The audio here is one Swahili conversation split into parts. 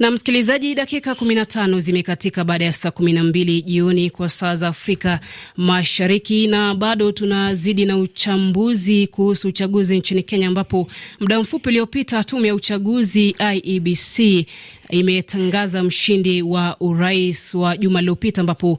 Na msikilizaji, dakika 15 zimekatika baada ya saa 12 jioni kwa saa za Afrika Mashariki, na bado tunazidi na uchambuzi kuhusu uchaguzi nchini Kenya, ambapo muda mfupi uliopita tume ya uchaguzi IEBC imetangaza mshindi wa urais wa juma lililopita, ambapo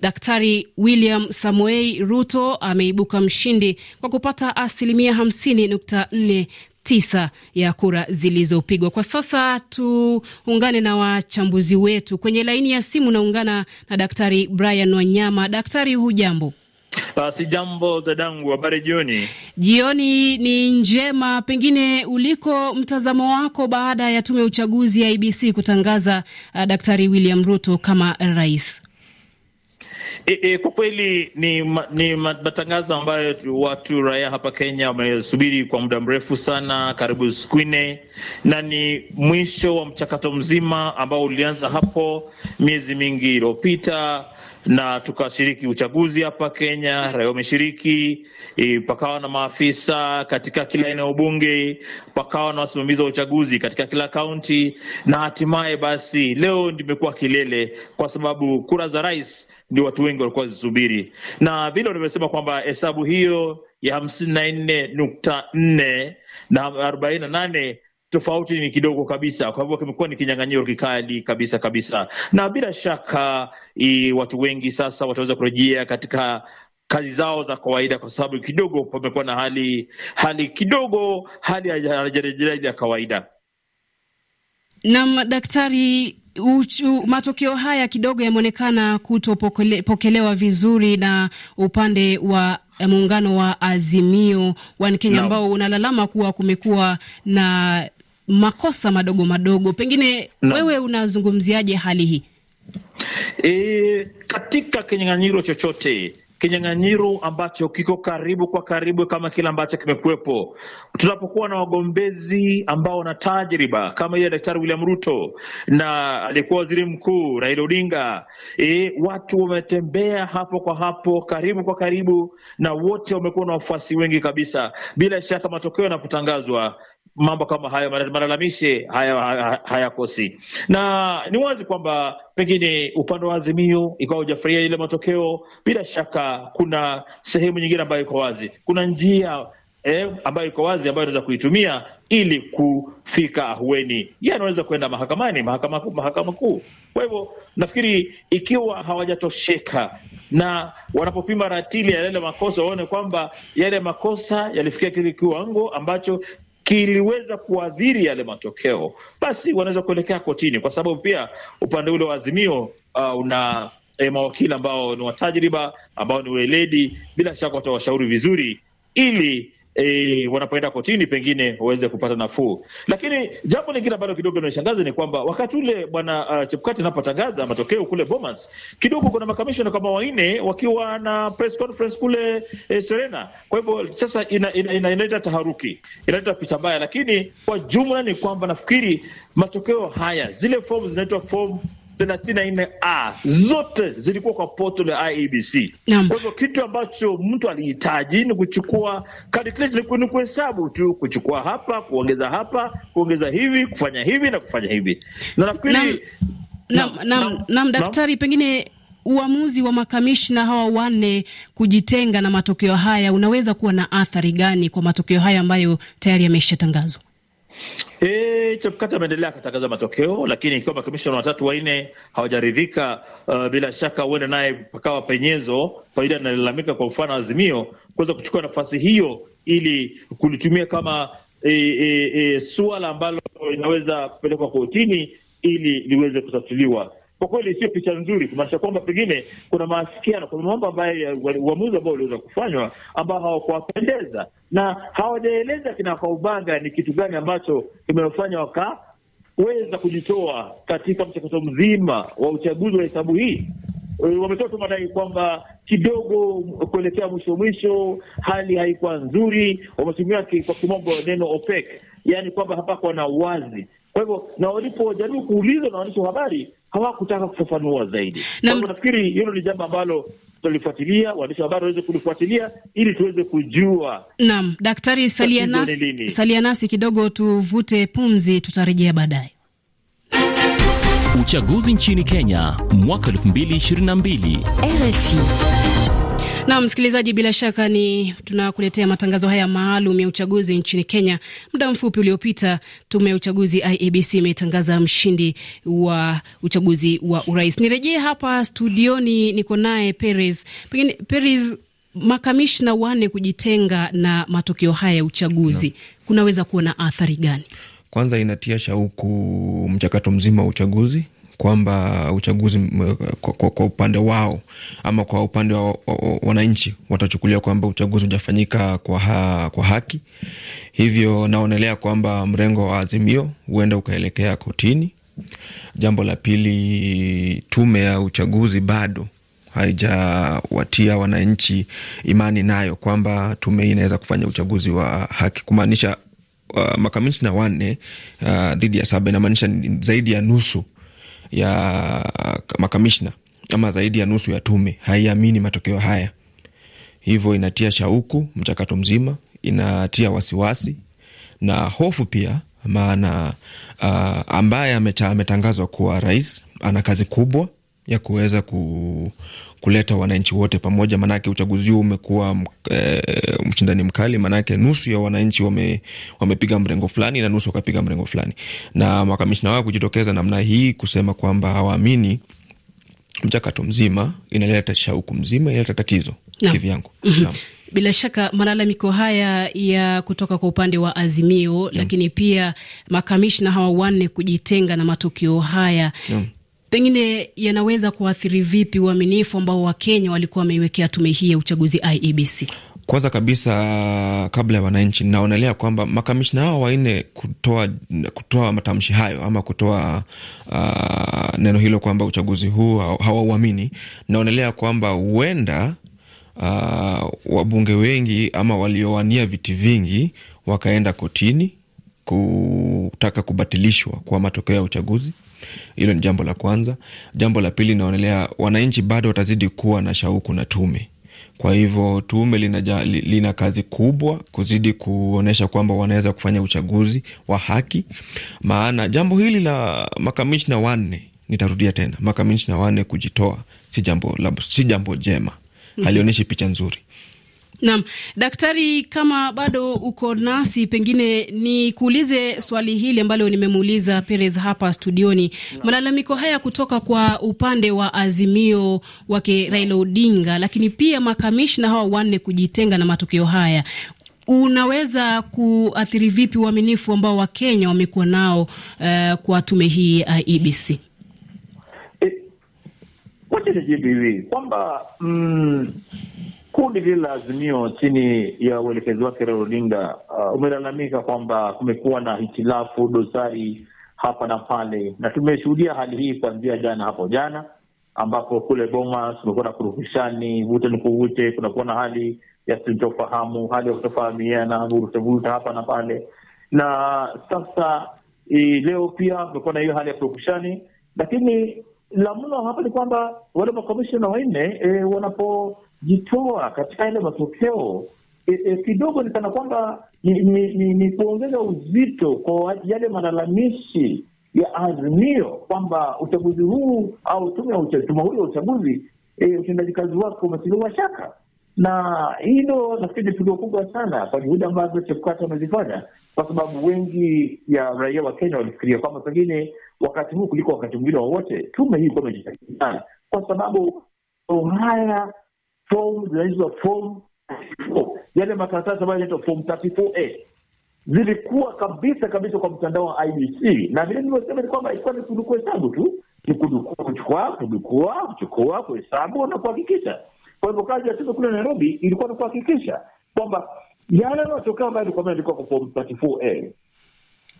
Daktari William Samoei Ruto ameibuka mshindi kwa kupata asilimia 50.4 tisa ya kura zilizopigwa. Kwa sasa tuungane na wachambuzi wetu kwenye laini ya simu. Naungana na Daktari Brian Wanyama. Daktari, hujambo? Si jambo dadangu, habari jioni. Jioni ni njema. Pengine uliko mtazamo wako baada ya tume ya uchaguzi ya IBC kutangaza uh, Daktari William Ruto kama rais? E, e, kwa kweli ni, ni matangazo ambayo watu raia hapa Kenya wamesubiri kwa muda mrefu sana, karibu siku nne, na ni mwisho wa mchakato mzima ambao ulianza hapo miezi mingi iliyopita na tukashiriki uchaguzi hapa Kenya, raia wameshiriki e, pakawa na maafisa katika kila eneo bunge, pakawa na wasimamizi wa uchaguzi katika kila kaunti, na hatimaye basi leo ndimekuwa kilele, kwa sababu kura za rais ndio watu wengi walikuwa zisubiri, na vile walivyosema kwamba hesabu hiyo ya hamsini na nne nukta nne na arobaini na nane tofauti ni kidogo kabisa. Kwa hivyo kimekuwa ni kinyang'anyiro kikali kabisa kabisa, na bila shaka i, watu wengi sasa wataweza kurejea katika kazi zao za kawaida, kwa sababu kidogo pamekuwa na hali hali kidogo hali haijarejelea ile ya kawaida. Naam, daktari, matokeo haya kidogo yameonekana kutopokelewa vizuri na upande wa muungano wa Azimio wa Kenya ambao no. unalalama kuwa kumekuwa na makosa madogo madogo, pengine no. wewe unazungumziaje hali hii? E, katika kinyang'anyiro chochote kinyang'anyiro ambacho kiko karibu kwa karibu kama kile ambacho kimekuwepo, tunapokuwa na wagombezi ambao wana tajriba kama ile Daktari William Ruto na aliyekuwa waziri mkuu Raila Odinga. E, watu wametembea hapo kwa hapo karibu kwa karibu, na wote wamekuwa na wafuasi wengi kabisa. Bila shaka matokeo yanapotangazwa mambo kama hayo, malalamishi haya hayakosi haya. Na ni wazi kwamba pengine upande wa Azimio ikawa hujafurahia ile matokeo, bila shaka kuna sehemu nyingine ambayo iko wazi, kuna njia eh, ambayo iko wazi ambayo inaweza kuitumia ili kufika ahueni. Yeye anaweza kwenda mahakamani, mahakama kuu, mahakama kuu. Kwa hivyo nafikiri ikiwa hawajatosheka na wanapopima ratili ya yale makosa waone kwamba yale makosa yalifikia kile kiwango ambacho kiliweza kuadhiri yale matokeo, basi wanaweza kuelekea kotini, kwa sababu pia upande ule wa Azimio uh, una eh, mawakili ambao ni watajriba, ambao ni weledi, bila shaka watawashauri vizuri ili e, wanapoenda kotini pengine waweze kupata nafuu. Lakini jambo lingine ambalo kidogo linanishangaza ni kwamba wakati ule bwana uh, Chepkati anapotangaza matokeo kule Bomas, kidogo kuna makamishona kama wanne wakiwa na press conference kule eh, Serena. Kwa hivyo sasa inaleta ina, ina, ina taharuki, inaleta picha mbaya, lakini kwa jumla ni kwamba nafikiri matokeo haya, zile fomu zinaitwa fomu 34 a zote zilikuwa kwa poto la IEBC. Kwa hivyo kitu ambacho mtu alihitaji ni kuchukua calculator, ni kuhesabu tu, kuchukua hapa, kuongeza hapa, kuongeza hivi, kufanya hivi na kufanya hivi, na nafikiri nam daktari, pengine uamuzi wa makamishna hawa wanne kujitenga na matokeo haya unaweza kuwa na athari gani kwa matokeo haya ambayo tayari yameshatangazwa? E, Vilevile Chebukati ameendelea akatangaza matokeo, lakini ikiwa makamishona watatu wanne hawajaridhika, uh, bila shaka huenda naye pakawa penyezo faida inalalamika kwa mfano Azimio kuweza kuchukua nafasi hiyo ili kulitumia kama e, e, e, suala ambalo inaweza kupelekwa kotini ili liweze kutatuliwa kwa kweli sio picha nzuri, kumaanisha kwamba pengine kuna maafikiano, kuna mambo ambayo uamuzi ambao uliweza kufanywa ambao hawakuwapendeza na hawajaeleza kinakaubaga ni kitu gani ambacho kimewafanya wakaweza kujitoa katika mchakato mzima wa uchaguzi wa hesabu hii. E, wametoa tu madai kwamba kidogo kuelekea mwisho mwisho hali haikuwa nzuri. Wametumia kwa kimombo neno OPEC, yaani kwamba hapakuwa na uwazi. Kwa hivyo na walipojaribu kuulizwa na waandishi wa habari hawakutaka kufafanua zaidi. Nafikiri hilo ni jambo ambalo tutalifuatilia, waandishi habari waweze kulifuatilia ili tuweze kujua. Naam, Daktari, salia nasi, salia nasi kidogo, tuvute pumzi, tutarejea baadaye. Uchaguzi nchini Kenya mwaka 2022 RFI na msikilizaji, bila shaka ni tunakuletea matangazo haya maalum ya uchaguzi nchini Kenya. Muda mfupi uliopita, tume ya uchaguzi IEBC imetangaza mshindi wa uchaguzi wa urais. Nirejee hapa studioni, niko naye Peres. Pengine Peres, makamishna wanne kujitenga na matokeo haya ya uchaguzi no. kunaweza kuwa na athari gani? Kwanza inatia shauku mchakato mzima wa uchaguzi kwamba uchaguzi kwa, kwa, kwa upande wao ama kwa upande wa, wa, wa wananchi watachukulia kwamba uchaguzi hujafanyika kwa, ha, kwa haki. Hivyo naonelea kwamba mrengo wa Azimio huenda ukaelekea kotini. Jambo la pili, tume ya uchaguzi bado haijawatia wananchi imani nayo kwamba tume hii inaweza kufanya uchaguzi wa haki, kumaanisha uh, makamishna wanne uh, dhidi ya saba, inamaanisha zaidi ya nusu ya makamishna ama zaidi ya nusu ya tume haiamini matokeo haya, hivyo inatia shauku mchakato mzima, inatia wasiwasi na hofu pia, maana uh, ambaye ametangazwa kuwa rais ana kazi kubwa ya kuweza ku, kuleta wananchi wote pamoja, maanake uchaguzi huu umekuwa e, mshindani mkali, maanake nusu ya wananchi wame, wamepiga mrengo fulani na nusu wakapiga mrengo fulani, na makamishna wao kujitokeza namna hii kusema kwamba hawaamini mchakato mzima inaleta shauku mzima inaleta tatizo no. kivyangu mhm. no. Bila shaka malalamiko haya ya kutoka kwa upande wa Azimio yeah. Lakini pia makamishna hawa wanne kujitenga na matukio haya yeah pengine yanaweza kuathiri vipi uaminifu ambao Wakenya walikuwa wameiwekea tume hii ya uchaguzi IEBC? Kwanza kabisa kabla ya wananchi, naonelea kwamba makamishna hao wanne kutoa, kutoa matamshi hayo ama kutoa uh, neno hilo kwamba uchaguzi huu hawauamini, naonelea kwamba huenda uh, wabunge wengi ama waliowania viti vingi wakaenda kotini kutaka kubatilishwa kwa matokeo ya uchaguzi hilo ni jambo la kwanza. Jambo la pili, naonelea wananchi bado watazidi kuwa na shauku na tume. Kwa hivyo tume lina, lina kazi kubwa kuzidi kuonyesha kwamba wanaweza kufanya uchaguzi wa haki, maana jambo hili la makamishna wanne, nitarudia tena, makamishna wanne kujitoa si jambo, si jambo jema, mhm. halionyeshi picha nzuri Naam, daktari, kama bado uko nasi, pengine nikuulize swali hili ambalo nimemuuliza Perez hapa studioni. Malalamiko haya kutoka kwa upande wa Azimio wake Raila Odinga, lakini pia makamishna hawa wanne kujitenga na matokeo haya unaweza kuathiri vipi uaminifu ambao Wakenya wamekuwa nao uh, kwa tume hii IEBC? Eh, wacha nijibu hivi kwamba mm, Kundi lile la Azimio chini ya uelekezi wake Raila Odinga uh, umelalamika kwamba kumekuwa na hitilafu, dosari hapa na pale, na tumeshuhudia hali hii kuanzia jana, hapo jana ambapo kule Bomas kumekuwa na kurukushani, vute ni kuvute, kunakuwa na hali ya sintofahamu, hali ya kutofahamiana, vurutavuruta hapa na pale, na sasa i, leo pia kumekuwa na hiyo hali ya kurukushani, lakini la mno hapa ni kwamba wale makomishona wanne e, wanapo kujitoa katika yale matokeo e, e, kidogo ni, kana kwamba ni kuongeza uzito kwa yale malalamishi ya azimio kwamba uchaguzi huu au tume ya huru ya uchaguzi e, utendaji kazi wake umetiliwa shaka, na hilo nafikiri ni pigo kubwa sana kwa juhudi ambazo Chebukati wamezifanya, kwa sababu wengi ya raia wa Kenya walifikiria kwamba pengine wakati huu kuliko wakati mwingine wowote tume hii kuwa imejitahidi sana, kwa sababu haya fomu zinaitwa fomu yale makaratasi ambayo inaitwa fomu 34A zilikuwa kabisa kabisa kwa mtandao wa IBC, na vile nilivyosema ni kwamba ilikuwa ni kunukuu hesabu tu, ni kunukuu, kuchukua, kunukua, kuchukua, kuhesabu na kuhakikisha. Kwa hivyo kazi ya tume kule Nairobi ilikuwa ni kuhakikisha kwamba yale matokeo ambayo ilikuwa ilikuwa kwa fomu 34A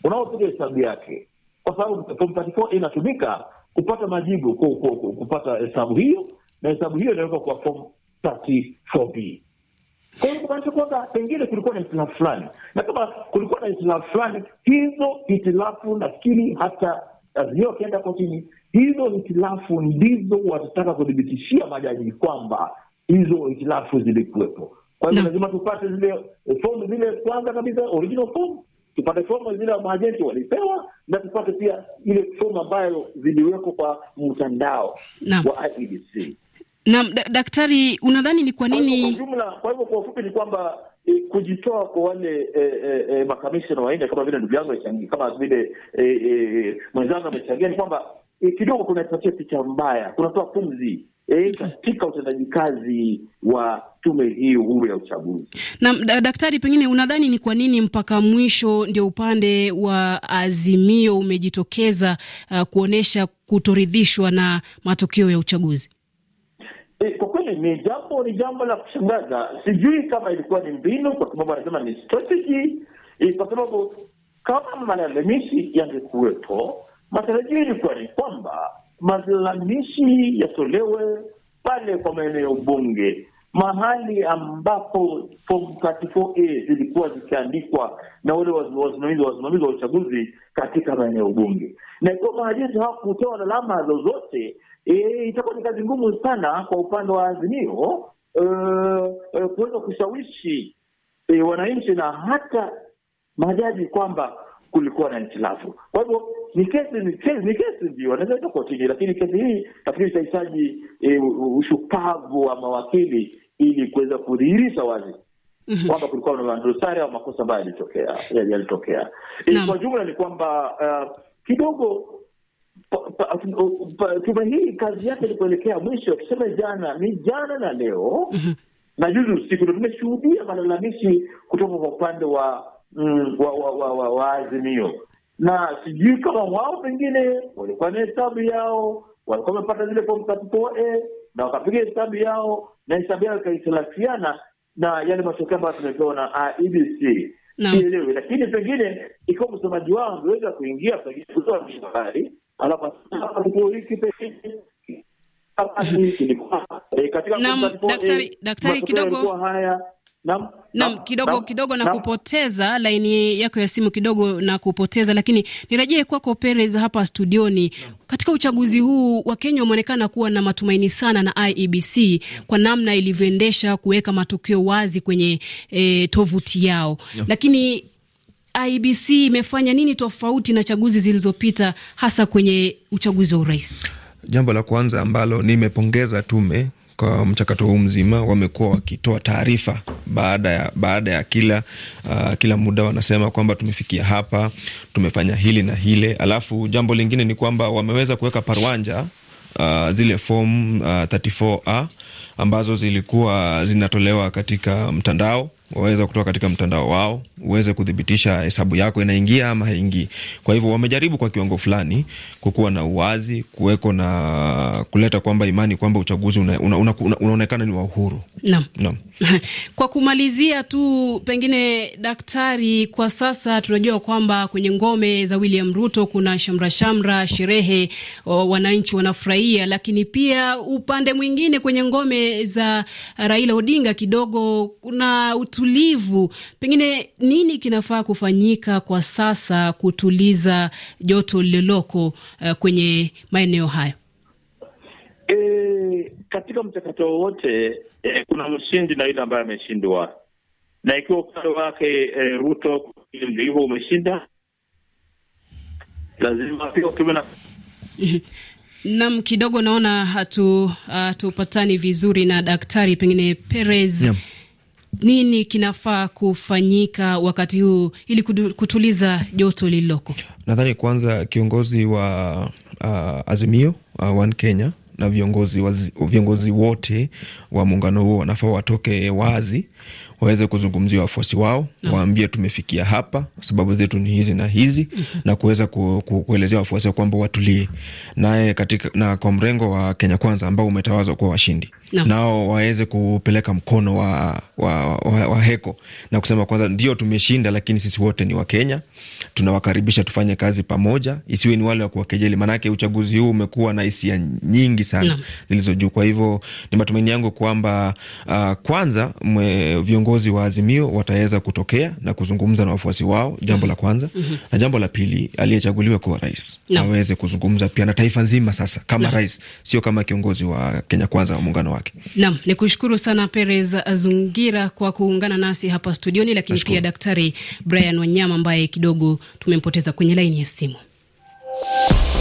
unaopiga hesabu yake, kwa sababu fomu 34A inatumika kupata majibu, kupata hesabu hiyo, na hesabu hiyo inawekwa kwa fomu 34b. Kwa kumaanisha kwamba pengine kulikuwa na hitilafu fulani, na kama kulikuwa na hitilafu fulani, hizo hitilafu nafikiri hata azimio eh, akienda kotini, hizo hitilafu ndizo watataka kudhibitishia majaji kwamba hizo hitilafu zilikuwepo. Kwa hiyo lazima tupate zile eh, fomu zile, kwanza kabisa original form tupate fomu zile maajenti walipewa na tupate pia ile fomu ambayo ziliwekwa kwa mtandao wa IEBC. Na daktari, unadhani ni kwa nini? Kwa jumla, kwa hivyo kwa ufupi ni kwamba E, kujitoa kwa wale e, e, makamishna wanne kama vile ndugu yangu kama vile e, e, mwenzangu amechangia ni kwamba e, kidogo kunaipatia picha mbaya, kunatoa pumzi e, katika utendaji kazi wa tume hii huru ya uchaguzi. Na daktari, pengine unadhani ni kwa nini mpaka mwisho ndio upande wa Azimio umejitokeza uh, ah, kuonyesha kutoridhishwa na matokeo ya uchaguzi? E, kwa kweli ni jambo ni jambo la kushangaza. Sijui kama ilikuwa ni mbinu, kwa sababu anasema ni strategy e, kwa sababu kama malalamishi yangekuwepo, matarajio ilikuwa ni kwamba malalamishi yatolewe pale kwa maeneo bunge, mahali ambapo form 34A zilikuwa zikiandikwa na wale wasimamizi wasimamizi wa uchaguzi katika maeneo bunge, na ikiwa mahajaji hawakutoa lalama zozote e, itakuwa ni kazi ngumu sana kwa upande wa Azimio e, e, kuweza kushawishi e, wananchi na hata majaji kwamba kulikuwa na hitilafu. Kwa hivyo ni kesi, ni kesi, ni kesi ndio anaweza ita kotini, lakini kesi hii nafikiri itahitaji e, ushupavu wa mawakili ili kuweza kudhihirisha wazi mhm. kwamba kulikuwa na dosari au makosa ambayo yalitokea yalitokea. E, kwa jumla ni kwamba uh, kidogo Tume hii kazi yake ni kuelekea mwisho, tuseme jana ni jana na leo mhm. na juzi usiku ndo tumeshuhudia malalamishi kutoka kwa upande mm, wa wa Azimio, na sijui kama wao pengine walikuwa na hesabu yao, walikuwa wamepata zile fomu za na wakapiga hesabu yao na hesabu yao ikaitilafiana na yale matokeo ambayo tumepewa na IEBC. Sielewi, lakini pengine ikiwa msomaji wao angeweza kuingia pengine kutoa habari Daktari, daktari kidogo kidogo nam, kidogo na nam, kupoteza laini yako ya simu kidogo na kupoteza, lakini nirejee kwako Perez hapa studioni. Katika uchaguzi huu Wakenya wameonekana kuwa na matumaini sana na IEBC kwa namna ilivyoendesha kuweka matokeo wazi kwenye e, tovuti yao, Lakini IBC imefanya nini tofauti na chaguzi zilizopita hasa kwenye uchaguzi wa urais? Jambo la kwanza ambalo nimepongeza tume kwa mchakato huu mzima, wamekuwa wakitoa taarifa baada ya, baada ya kila, uh, kila muda wanasema kwamba tumefikia hapa, tumefanya hili na hile. Alafu jambo lingine ni kwamba wameweza kuweka parwanja Uh, zile form uh, 34A ambazo zilikuwa zinatolewa katika mtandao waweza kutoka katika mtandao wao, uweze kuthibitisha hesabu yako inaingia ama haingii. Kwa hivyo wamejaribu kwa kiwango fulani kukuwa na uwazi, kuweko na kuleta kwamba imani kwamba uchaguzi una, una, una, una, unaonekana ni wa uhuru. Naam, naam. Kwa kumalizia tu, pengine daktari, kwa sasa tunajua kwamba kwenye ngome za William Ruto kuna shamra shamra, sherehe, wananchi wanafurahia, lakini pia upande mwingine kwenye ngome za Raila Odinga kidogo kuna utu utulivu. Pengine nini kinafaa kufanyika kwa sasa kutuliza joto lililoko uh, kwenye maeneo hayo? E, katika mchakato wowote e, kuna mshindi na yule ambaye ameshindwa, na ikiwa upande wake e, Ruto hivyo umeshinda, lazima pia ukiwe na Nam, kidogo naona hatupatani hatu vizuri na daktari, pengine Perez yeah nini kinafaa kufanyika wakati huu ili kutuliza joto lililoko? Nadhani kwanza kiongozi wa uh, Azimio uh, One Kenya na viongozi, wazi, viongozi wote wa muungano huo wanafaa watoke wazi waweze kuzungumzia wafuasi wao no. Waambie tumefikia hapa, sababu zetu ni hizi na hizi mm -hmm. na kuweza ku, ku, kuelezea wafuasi wao kwamba watulie naye katika na kwa mrengo wa Kenya Kwanza ambao umetawazwa kuwa washindi no. nao waweze kupeleka mkono wa, wa, wa, wa heko na kusema kwanza, ndio tumeshinda, lakini sisi wote ni Wakenya, tunawakaribisha tufanye kazi pamoja, isiwe ni wale wa kuwakejeli, maanake uchaguzi huu umekuwa na hisia nyingi sana no. zilizo Kwa hivyo ni matumaini yangu kwamba uh, kwanza mwe, viongo viongozi wa Azimio wataweza kutokea na kuzungumza na wafuasi wao, jambo la kwanza mm -hmm. na jambo la pili, aliyechaguliwa kuwa rais no. aweze kuzungumza pia na taifa nzima sasa kama no. rais, sio kama kiongozi wa Kenya Kwanza wa muungano wake. Nam ni kushukuru sana Perez Zungira kwa kuungana nasi hapa studioni, lakini pia Daktari Brian Wanyama ambaye kidogo tumempoteza kwenye laini ya simu.